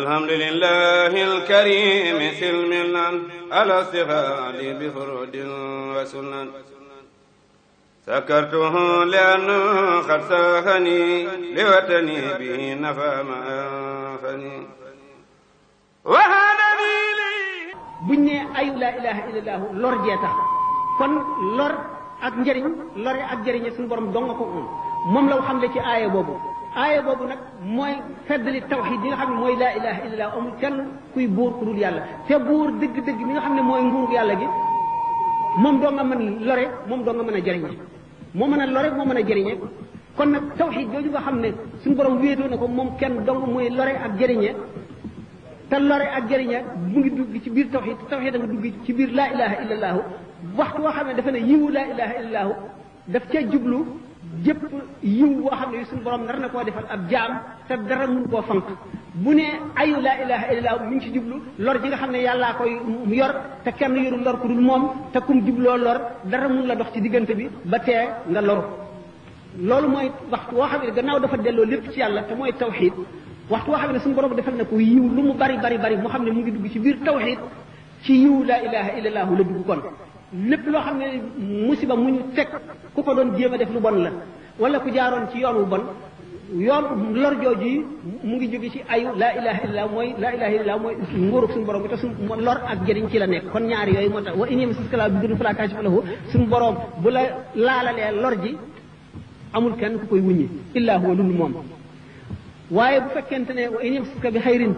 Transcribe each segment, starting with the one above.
الحمد لله الكريم سلمنا على استفاد بفرود وسنن سكرته لأنه قد ساهني لوطني به نفى ما أنفني وهذا لي buñ ne ay laa ilaha illallah lor jee tax kon lor ak njëriñ lore ak njëriñe suñu borom dong ko moom la xam le ci aaya boobu aaya boobu nag mooy feddali tawxid yi nga xam ne mooy laa ilaha illallah amul kenn kuy buur ku dul yàlla te buur dëgg-dëgg mi nga xam ne mooy nguuru yàlla gi moom doo nga mën lore moom doo nga mën a jëriñe moo mën a lore moo mën a jëriñe kon nag tawxid jooju nga xam ne suñu borom wéetoo na ko moom kenn dong mooy lore ak jëriñe te lore ak jëriñe mu ngi dugg ci biir tawxid tawxid da nga dugg ci biir laa ilaha illallahu waxtu woo xam ne dafa ne yiwu laa ilaha illallahu daf cee jublu jëpp yiw boo xam ne suñu borom nar na koo defal ab jaam te dara mun koo fank bu ne ayu laa ilaha illallah mi ngi ci jiblu lor ji nga xam ne yàllaa koy yor te kenn yorul lor ku dul moom te kum jubloo lor dara mun la dox ci diggante bi ba tee nga loru loolu mooy waxtu woo xam ne gannaaw dafa delloo lépp ci yàlla te mooy tawxid waxtu woo xam ne suñu borom defal na ko yiw lu mu bari bari bari mu xam ne mu ngi dugg ci biir tawxid ci yiw laa ilaha illallah la dugg kon lépp loo xam ne musiba mu ñu teg ku ko doon jéem a def lu bon la wala ku jaaroon ci yoon wu bon yoon lor jooju yi mu ngi jóge ci ayu laa ilaha illallah mooy laa ilaha illallah mooy nguurug suñu borom bi te lor ak jëriñ ci la nekk kon ñaari yooyu moo tax wa inim siskala bi dun falaa kaashifa lahu suñu borom bu la laalalee lor ji amul kenn ku koy wuññi illaa huwa lul moom waaye bu fekkente ne wa inim siska bi xayrin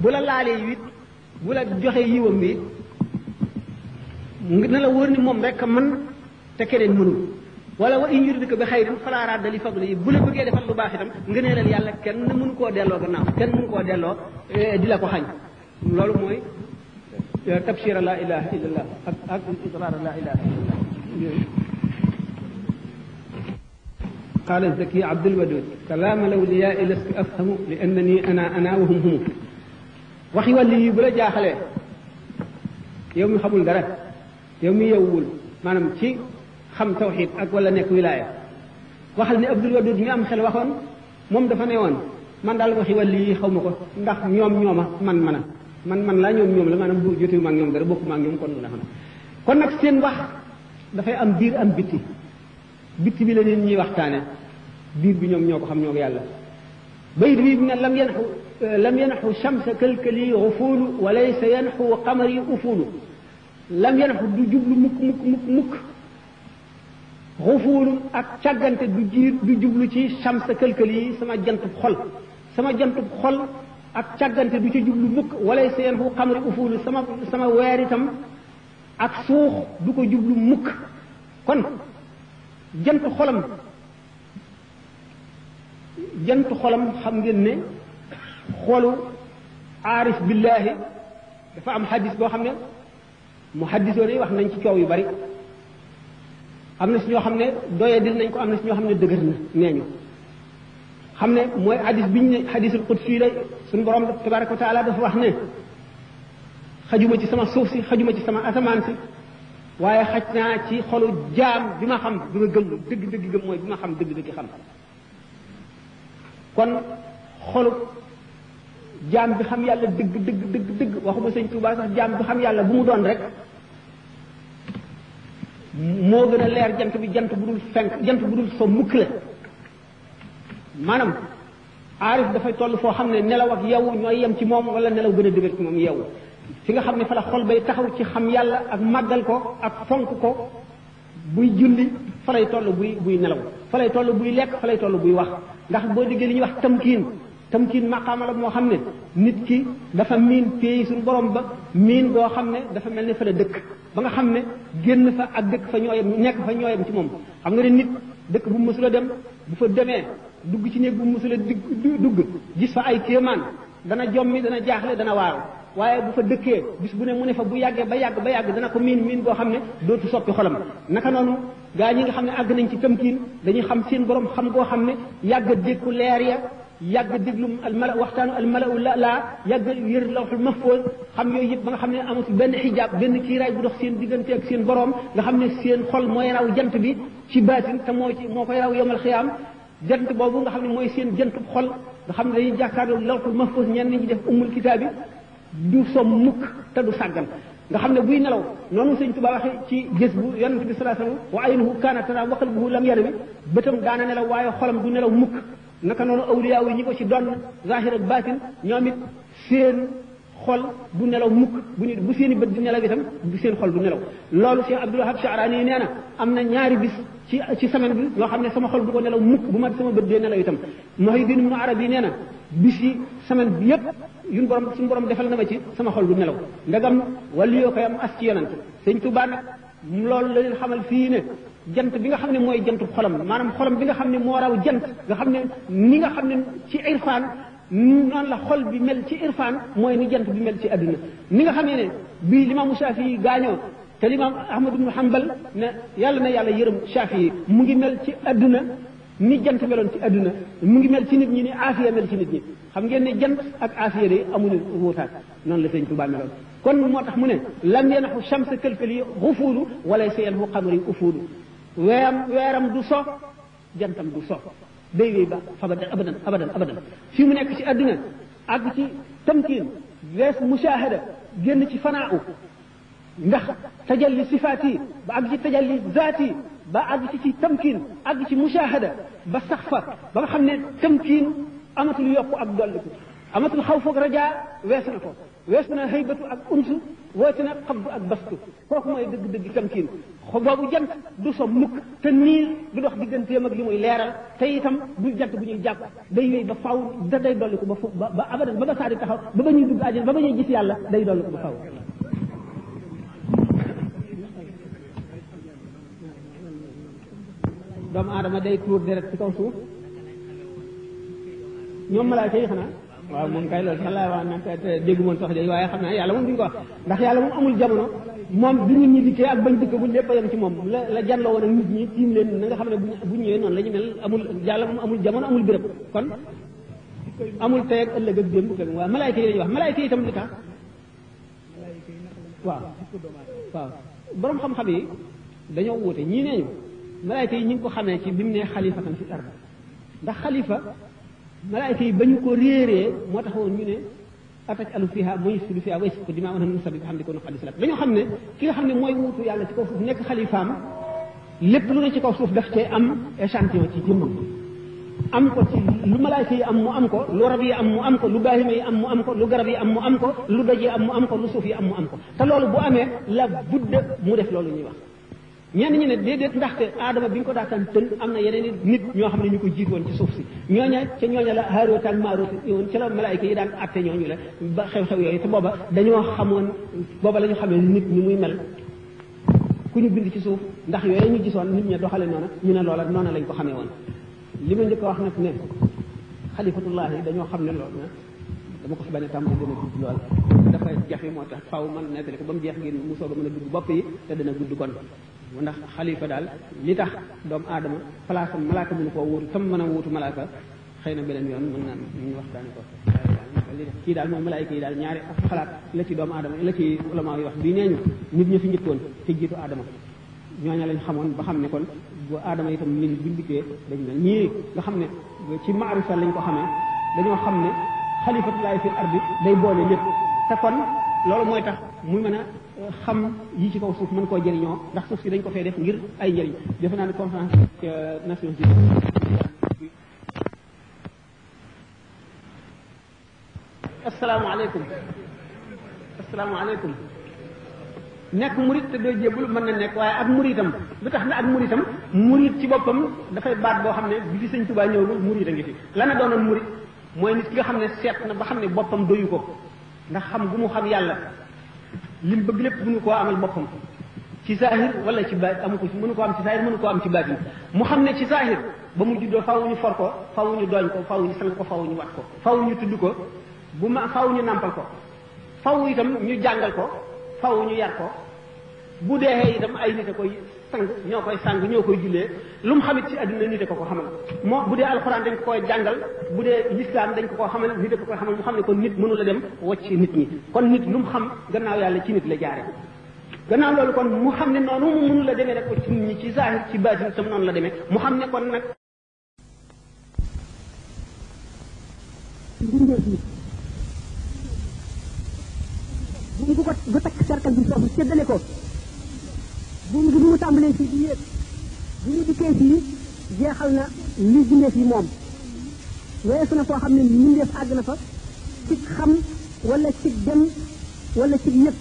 bu la laalee it bu la joxee yiwam bi na la wóor ni moom rek mën te keneen mënul wala wa in yuridika bi xayrin falaa radda li fadlihi bu bëggee defal lu baax itam ngëneelal yàlla kenn mënu koo delloo gannaaw kenn mënu koo delloo eh, di la xañ loolu mooy eh, tabshira la ilaha illallah ak ak israara la ilaha illallah قال الزكي عبد الودود كلام الأولياء لست أفهم لأنني أنا أنا yi bu la jaaxalee yow mi xamul dara yow mi yowwul maanaam ci xam tawxid ak wala nekk wilaaya waxal ne Abdul Wadud mi am xel waxoon moom dafa ne woon man daal waxi wàll yi xaw ma ko ndax ñoom ñooma man man a man man laa ñoom ñoom la maanaam bu jotewu ma ak ñoom dara bokku ma ak ñoom kon na kon nag seen wax dafay am biir am bitti bitti bi la nit ñuy waxtaane biir bi ñoom ñoo ko xam ñoo ko yàlla bayit bi la lam yanxu lam yanxu chamsa kalkali xufuulu walaysa yanxu qamari ufuulu lam yalfu du jublu mukk mukk mukk mukk xufuulum ak càggante du jiir du jublu ci samsa yi sama jant xol sama jantub xol ak càggante du ci jublu mukk walay seen fu xamri ufuulu sama sama weer ak suux du ko jublu mukk kon jantu xolam jantu xolam xam ngeen ne xolu aarif billaahi dafa am xadis boo xam ne muhaddisoon yi wax nañ ci coow yu bari am na si ñoo xam ne doye dil nañ ko am na si ñoo xam ne dëgër na nee ñu xam ne mooy hadis bi ñu ne hadisul qudsi la suñu borom tabaraka wa taala dafa wax ne xajuma ci sama suuf si xajuma ci sama asamaan si waaye xaj naa ci xolu jaam bi ma xam bi ma gëm dëgg dëgg gëm mooy bi ma xam dëgg dëgg xam kon xolu jaam bi xam yàlla dëgg dëgg dëgg dëgg waxuma sëñ Tuubaa sax jaam bi xam yàlla bu mu doon rek moo gën a leer jant bi jant bu dul fenk jant bu dul fa mukk la maanaam aarif dafay toll foo xam ne nelaw ak yeewu ñooy yem ci moom wala nelaw gën a dëgër ci moom yeewu fi nga xam ne fa la xol bay taxaw ci xam yàlla ak màggal ko ak fonk ko buy julli fa lay toll buy buy nelaw fa lay toll buy lekk fa lay toll buy wax ndax boo déggee li ñuy wax tamkiin tamkin maqaama la moo xam ne nit ki dafa miin pay suñu borom ba miin boo xam ne dafa mel ne fa la dëkk ba nga xam ne génn fa ak dëkk fa ñooyam nekk fa ñooyam ci moom xam nga ne nit dëkk bu mësula dem bu fa demee dugg ci néeg bu mësula dugg gis fa ay kéemaan dana jommi dana jaaxle dana waaru waaye bu fa dëkkee bis bu ne mu ne fa bu yàggee ba yàgg ba yàgg dana ko miin miin boo xam ne dootu soppi xolam naka noonu gaa ñi nga xam ne àgg nañ ci tamkiin dañu xam seen borom xam goo xam ne yàgg dékku leer ya yàgg déglu almala waxtaanu almala la laa yàgg yër lawxul mahfoos xam yooyu yëpp ba nga xam ne amatul benn xijaab benn kiiraay bu dox seen diggante ak seen borom nga xam ne seen xol mooy raw jant bi ci baatin te moo ci moo koy raw yomal jant boobu nga xam ne mooy seen jantub xol nga xam ne dañuy jàkkaarloo lawxul mahfoos ñenn ñi def ummul kitaab bi du som mukk te du sàggan nga xam ne buy nelaw noonu sëñ Tuba waxe ci gis bu yonent bi sallallahu alayhi wasallam wa aynuhu kaana tara wa qalbuhu lam yanami bëtam daana nelaw waaye xolam du nelaw mukk naka noonu awliya yi ñi ko ci doon zahir ak baatin ñoom it seen xol bu nelaw mukk bu ñu bu seen bët di nelaw itam bu seen xol bu nelaw loolu Cheikh Abdul Wahab Sha'rani nee am na ñaari bis ci ci semaine bi ñoo xam ne sama xol du ko nelaw mukk bu ma sama bët dee nelaw itam Muhyiddin Ibn Arabi nee na bi yi semaine bi yëpp yuñ borom suñu borom defal na ma ci sama xol du nelaw ndegam wàllu yoo koy am as ci yonent sëñ Tuubaa nag loolu la leen xamal fii ne jant bi nga xam ne mooy jantu xolam maanaam xolam bi nga xam ne moo raw jant nga xam ne ni nga xam ne ci irfaan noonu la xol bi mel ci irfaan mooy ni jant bi mel ci adduna ni nga xamee ne bii limaamu Saafi yi gaañoo te limaam Ahmad ibnu Hanbal ne yàlla na yàlla yërëm Saafi yi mu ngi mel ci adduna ni jant meloon ci adduna mu ngi mel ci nit ñi ni aafiya mel ci nit ñi xam ngeen ne jant ak aafiya de amuñu wuutaat noonu la sëñ ba meloon kon moo tax mu ne lam yanaxu chamse këlkël yi xufuulu wala sa yanxu xamari ufuulu weeram weeram du so jantam du so day wéy ba abadan abadan abadan abadan fii mu nekk ci adduna ak ci tamkiin wees musaahada génn ci fanaa u ndax tajalli sifaat yi ba àgg ci tajalli zaat yi ba àgg ci ci tamkin àgg ci mushahada ba sax fa ba nga xam ne tamkin amatul yokku ak dolliku amatul xaw foog rajaa weesu na ko weesu na xëybatu ak unsu woote na xabdu ak bastu kooku mooy dëgg-dëgg tamkin boobu jant du so mukk te niir du dox digganteem ak li muy leeral te itam du jant bu ñuy jàpp day wéy ba faw da day dolliku ba fu ba abadan ba ba saari taxaw ba ba ñuy dugg àjjana ba ba ñuy gis yàlla day dolliku ba faw doomu aadama day tuur deret ci kaw suuf ñoom malaaka yi xanaa waaw moom kay loolu sax laa wax nag te déggu moon sax jooju waaye xam naa yàlla moom duñ ko wax ndax yàlla moom amul jamono moom bi nit ñi dikkee ak bañ dikkagul lépp a ci moom la la janloo woon ak nit ñi tiim leen na nga xam ne bu ñëwee noonu la ñu mel amul yàlla moom amul jamono amul béréb kon amul tey ak ëllëg ak démb kenn waaw malaayka yi lañuy wax malaayka yi itam li tax waaw waaw xam-xam yi dañoo wuute ñii neeñu malaayka yi ñu ngi ko xamee ci bi mu nee xalifatan fi ard ndax xalifa malaayka yi ba ñu ko réeree moo taxoon ñu ne ataj alu fiha mooy sulu fiha way siko dimaa wana musabi bi xam di ko nox alislam dañoo xam ne nga xam ne mooy wuutu yàlla ci kaw suuf nekk xalifaam lépp lu ne ci kaw suuf daf cee am échantillon ci ko ci lu malaayka yi am mu am ko lu rab yi am mu am ko lu baahima yi am mu am ko lu garab yi am mu am ko lu doj yi am mu am ko lu suuf yi am mu am ko te loolu bu amee la budde mu def loolu ñuy wax ñenn ñi ne déedéet ndaxte aadama bi ñu ko daataan tën am na yeneen i nit ñoo xam ne ñu ko jiit woon ci suuf si ñooña ca ñooña la Haaroot ak Maaroot woon ca la malaayka yi daan atte la ba xew-xew yooyu te booba dañoo xamoon booba la ñu xamee nit ñi muy mel ku ñu bind ci suuf ndax yooyu ñu gisoon nit ña doxale noona ñu ne loola noona lañ ko xamee woon li ma njëkk a wax nag ne xalifatullahi dañoo xam ne loolu na dama ko fi bañ a tàmm gën a gudd lool dafa jafe moo tax faw man nettali ko ba mu jeex ngeen musoo ba mën a gudd bopp yi te dana gudd kon ndax xalifa daal li tax doomu aadama place am malaaka mënu koo wuutu tam mën a wuutu malaaka xëy na beneen yoon mën naan ñu waxtaani ko li def kii daal moom malaayika yi daal ñaari ak xalaat la ci doomu adama la ci ulama yi wax bii nee ñu nit ñi fi njëkkoon te jiitu aadama ñooña lañ xamoon ba xam ne kon bu aadama itam nit ñi buñ dikkee dañ ne ñii nga xam ne ci maarifa lañ ko xamee dañoo xam ne xalifatullahi fil ardi day boole lépp te kon loolu mooy tax muy mën a euh, xam yi ci kaw suuf mën koo jariñoo ndax suuf si dañ ko fee def ngir ay njëriñ defe naa ne conférence euh, Nations Unies asalaamaaleykum asalaamaaleykum nekk murit te doo jébul mën na nekk waaye ak muritam lu tax na ak muritam murit ci boppam dafay baat boo xam ne bi fi sëñ Tuubaa ñëwul murit a ngi fi la na doonoon murit mooy nit ki nga xam ne seet na ba xam ne boppam doyu ko ndax xam gu mu xam yàlla li mu bëgg lépp mënu koo amal boppam ci saahir wala ci baat amu ko ci mënu koo am ci saahir mënu koo am ci baatin mu xam ne ci saahir ba mu juddoo faw ñu for ko faw ñu dooñ ko faw ñu sang ko faw ñu wat ko faw ñu tudd ko bu ma faw ñu nàmpal ko faw itam ñu jàngal ko faw ñu yar ko bu dee itam ay nit a koy sang ñoo koy sang ñoo koy jullee lu mu xamit ci àdduna nit a ko ko xamal moo bu dee alxuraan dañ ko koy jàngal bu dee lislaam dañ ko ko xamal nit a ko koy xamal mu xam ne kon nit mënu la dem wacc nit ñi kon nit lu mu xam gannaaw yàlla ci nit la jaare gannaaw loolu kon mu xam ne noonu mu mënu la demee rek wacc nit ñi ci zahir ci baatin tam noonu la demee mu xam ne kon nag bu ko bu takk cercle bi ko buum gi bi mu tàmbalee fii di yéeg bi ñu dikkee fii jeexal na li bindeef yi moom weesu na koo xam ne mbindeef àgg na fa ci xam wala ci dem wala ci yëg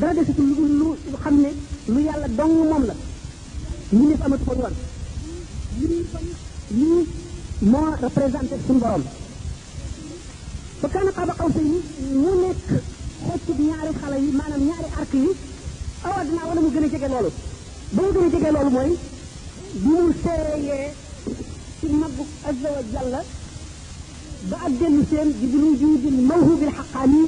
dara desitu lu lu xam ne lu yàlla dong moom la mbindeef amatu ko woon lii lii moo représenté suñu borom fa kaana qaaba qawsayni mu nekk xoccub ñaari xale yi maanaam ñaari arc yi awaadinaa ah, wala mu gën a jege loolu ba mu gën a jege loolu mooy bi mu seeyee ci mabbu azza wa jalla ba ak dellu seen di bi wujudi mawhubi alxaqaani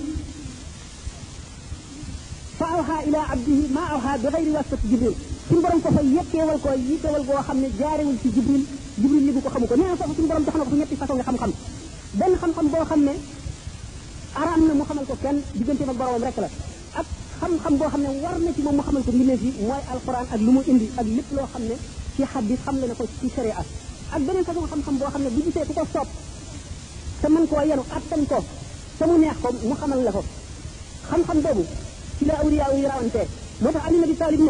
fa awha ila abdihi ma bi gayri wasat jibril suñu ko fa yetteewal ko yitteewal goo xam ne jaarewul ci jibril jibril li bu ko xamu ko nee na foofu suñu borom jox na ko xam-xam benn xam-xam boo xam ne araam na mu xamal ko kenn digganteem ak boromam rek la xam-xam boo xam ne war na ci moom mu xamal ko mbindeef yi mooy alquran ak lu mu indi ak lépp loo xam ne ci xadis xam le na ko ci sharia ak beneen façon xam-xam boo xam ne bu gisee ku ko soob te mën koo yenu attan ko te mu neex ko mu xamal la ko xam-xam boobu ci la awliya yi rawante moo tax Ali Abi Talib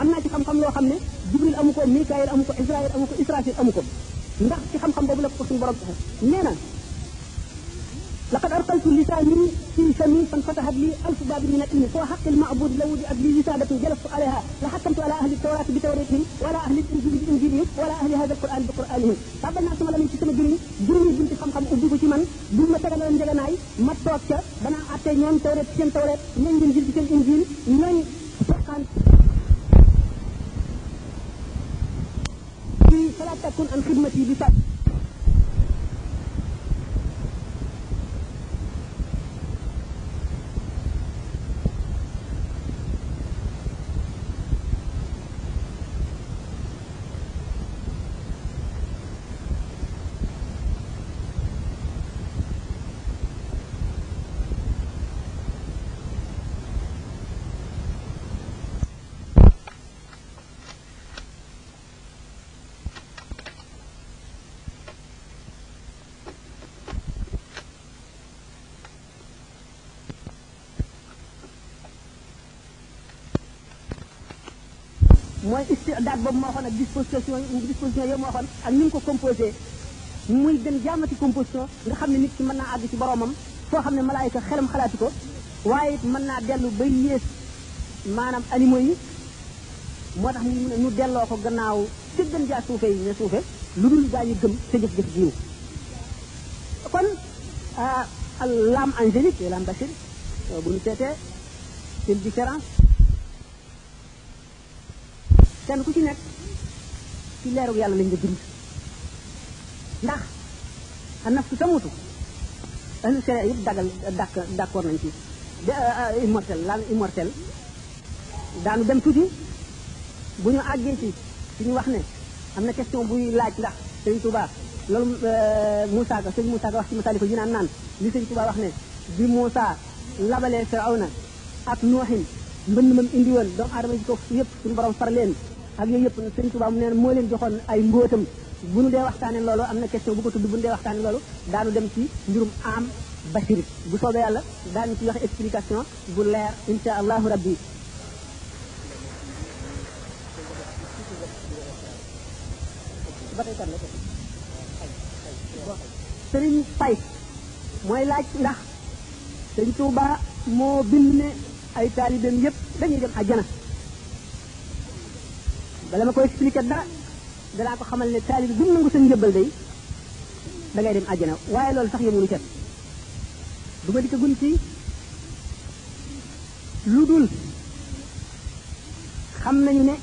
am naa ci xam-xam loo xam ne Jibril amu ko Mikaayil amu ko Israil amu ko Israfil amu ko ndax ci xam-xam boobu la ko suñu borom nee na لقد أرسلت لساني في فمي فانفتحت لي ألف باب من العلم فوحق المعبود لو جاءت لي وسادة جلست عليها لحكمت على أهل التوراة بتوريتهم ولا أهل الإنجيل بإنجيلهم ولا أهل هذا القرآن بقرآنهم tàbbal naa sama lamiñ ci sama jëriñ juróomi bunti xam-xam ubbi ko ci man buñ ma tegaloon njëganaay ma toog ca danaa àttee ñoom tawreet ci seen tawreet ñooñ ngeen jël ci seen injil ñooñ furqaan ci fala takun an xidmati bi sa mooy istidaad boobu moo xoon ak disposition disposition yooyu moo xoon ak ni mu ko composé muy gën jaamati composition nga xam ne nit ki mën naa àgg ci boroomam foo xam ne malaayika xelam xalaatu ko waaye mën naa dellu ba yées maanaam animaux yi moo tax mu ne ñu delloo ko gannaaw ci gën jaa suufe yi ne suufe lu dul gaa ñu gëm sa jëf-jëf jiw kon ah, l'âme angélique et euh, l'âme bu ñu seetee c'est différence kenn ku ci nekk ci leeru yàlla lañ la bind ndax a nafsu tamutu ahlu sharia yëpp dagal d'accord d'accord nañ ci euh, euh, immortel laal immortel daanu dem tuuti bu ñu àggee ci suñu wax ne am na question buy laaj ndax sëñ Touba loolu euh, Moussa Ka sëñ Moussa Ka wax ci masali ko ji naan naan li sëñ Touba wax ne bi Moussa labalee Firawna ak Nooxin mbënd mam indi woon doomu aadama ji ko yëpp suñu borom far leen ak yooyu yëpp nag sëñ Tuubaa mu nee moo leen joxoon ay mbóotam bu nu dee waxtaane loolu am na question bu ko tudd bu nu dee waxtaane loolu daanu dem ci mbirum am basiri bu soobee yàlla daanu ci wax explication bu leer insha allahu rabbi sëriñ Fay mooy laaj ndax sëñ Tuubaa moo bind ne ay taalibeem yëpp dañuy dem ajjana bala ma koy expliqué dara danaa ko xamal ne taalibi bu mu nangu sa njëbbal day da dem àjjana waaye loolu sax yëmulu cet du ma dikka gun ci lu dul xam nañu ne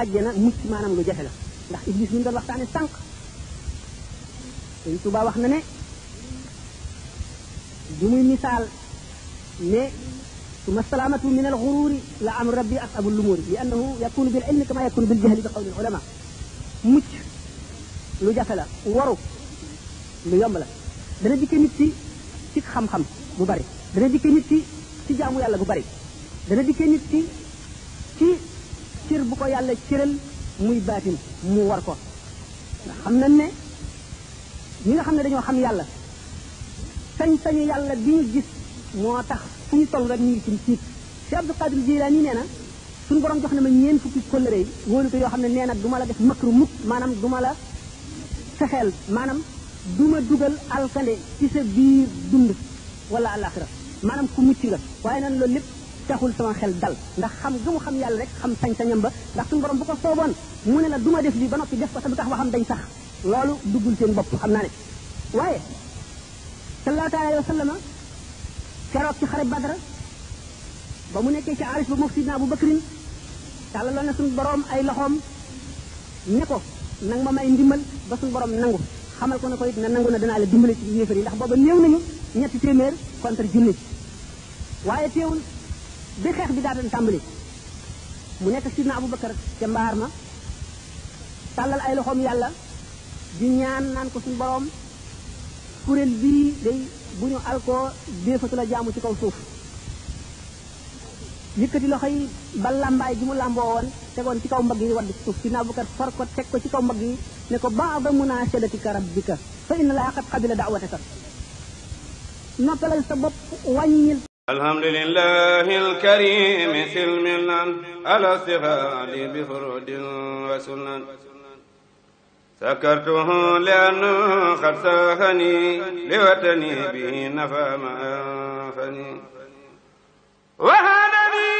àjjana mucc maanaam lu jafe la ndax iblis ñu doon waxtaane sànq Sëñ Tuubaa wax na ne du muy misaal ne ثم السلامة من الغرور لأمر ربي أصعب الأمور لأنه يكون بالعلم كما يكون بالجهل بقول العلماء mucc lu jafe la waru lu yomb la dana dikke nit ki ci xam-xam bu bari dana dikke nit ki ci jaamu yàlla bu bari dana dikke nit ki ci cër bu ko yàlla cëral muy baatin mu war ko nga xam nañ ne ñi nga xam ne dañoo xam yàlla sañ-sañu yàlla bi ñu gis moo tax fu ñu toll rek ñu ngi ci tiit si Abdou Qadir Jilaani nee na suñu borom jox ne ma ñeen fukki kóllëre wóolute yoo xam ne nee na du ma la def makru mukk maanaam du ma la fexeel maanaam du ma dugal alkande ci sa biir dund wala alaxira maanaam ku mucc nga waaye nan loolu lépp taxul sama xel dal ndax xam ga mu xam yàlla rek xam sañ-sañam ba ndax suñu borom bu ko sooboon mu ne la duma def lii ba noppi def ko te du tax waxam dañ sax loolu duggul seen bopp xam naa ne waaye sallallahu alayhi wa keroog ci xare badra ba mu nekkee ci aris ba moom sidna abu bakrin tàllaloon na suñu boroom ay loxoom ne ko nang ma may ndimbal ba suñu boroom nangu xamal ko ne ko na nangu na danaa la dimbale ci yéefar yi ndax booba néew nañu ñetti téeméer contre junni waaye teewul bi xeex bi daatan tàmbali mu nekk sidna abu bakar ca mbaar ma tàllal ay loxoom yàlla di ñaan naan ko suñu boroom kuréel bii day bu ñu alkoo déefatu la jaamu ci kaw suuf yëkkati loxo yi ba làmbaay ji mu làmboo woon tegoon ci kaw mbagg yi wadd suuf si naabukat for ko teg ko ci kaw mbagg yi ne ko baada munashadatika rabbika fa inna laa qad qabila da'wataka noppalal sa bopp wàññil alhamdulillahi alkarimi silmilan ala sihadi bi furudin wa سكرته لأنه قد ساخني لوتني به نفى ما أنفني وهذا